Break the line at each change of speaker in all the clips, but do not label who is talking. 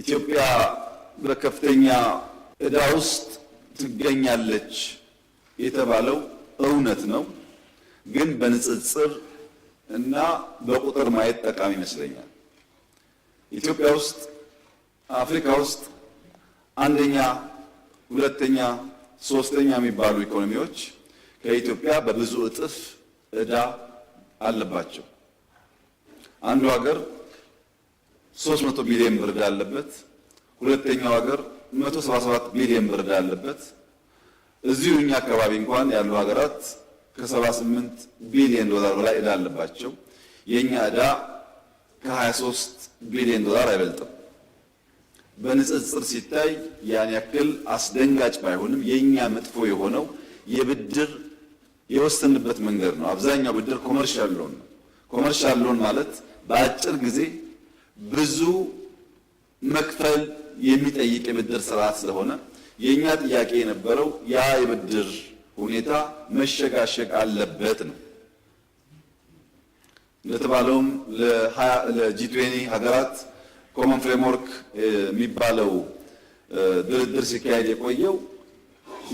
ኢትዮጵያ በከፍተኛ ዕዳ ውስጥ ትገኛለች የተባለው እውነት ነው፣ ግን በንጽጽር እና በቁጥር ማየት ጠቃሚ ይመስለኛል። ኢትዮጵያ ውስጥ አፍሪካ ውስጥ አንደኛ፣ ሁለተኛ፣ ሶስተኛ የሚባሉ ኢኮኖሚዎች ከኢትዮጵያ በብዙ እጥፍ ዕዳ አለባቸው። አንዱ ሀገር 300 ቢሊዮን ብር ዕዳ አለበት። ሁለተኛው ሀገር 177 ቢሊዮን ብር ዕዳ አለበት። እዚሁ እኛ አካባቢ እንኳን ያሉ ሀገራት ከ78 ቢሊዮን ዶላር በላይ እዳ አለባቸው። የኛ እዳ ከ23 ቢሊዮን ዶላር አይበልጥም። በንጽጽር ሲታይ ያን ያክል አስደንጋጭ ባይሆንም የኛ መጥፎ የሆነው የብድር የወሰንበት መንገድ ነው። አብዛኛው ብድር ኮመርሻል ሎን ነው። ኮመርሻል ሎን ማለት በአጭር ጊዜ ብዙ መክፈል የሚጠይቅ የብድር ስርዓት ስለሆነ የእኛ ጥያቄ የነበረው ያ የብድር ሁኔታ መሸጋሸግ አለበት ነው። እንደተባለውም ለጂ ሀገራት ኮመን ፍሬምወርክ የሚባለው ድርድር ሲካሄድ የቆየው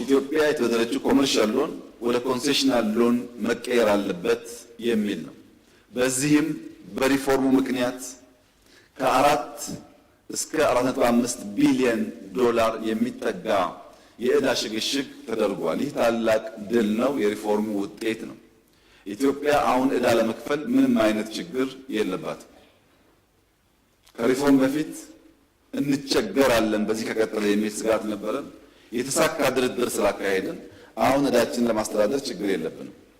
ኢትዮጵያ የተበደረችው ኮመርሻል ሎን ወደ ኮንሴሽናል ሎን መቀየር አለበት የሚል ነው። በዚህም በሪፎርሙ ምክንያት ከአራት እስከ 4.5 ቢሊዮን ዶላር የሚጠጋ የዕዳ ሽግሽግ ተደርጓል። ይህ ታላቅ ድል ነው፣ የሪፎርሙ ውጤት ነው። ኢትዮጵያ አሁን ዕዳ ለመክፈል ምንም አይነት ችግር የለባትም። ከሪፎርም በፊት እንቸገራለን በዚህ ከቀጠለ የሚል ስጋት ነበረን። የተሳካ ድርድር ስላካሄድን አሁን ዕዳችንን ለማስተዳደር ችግር የለብንም።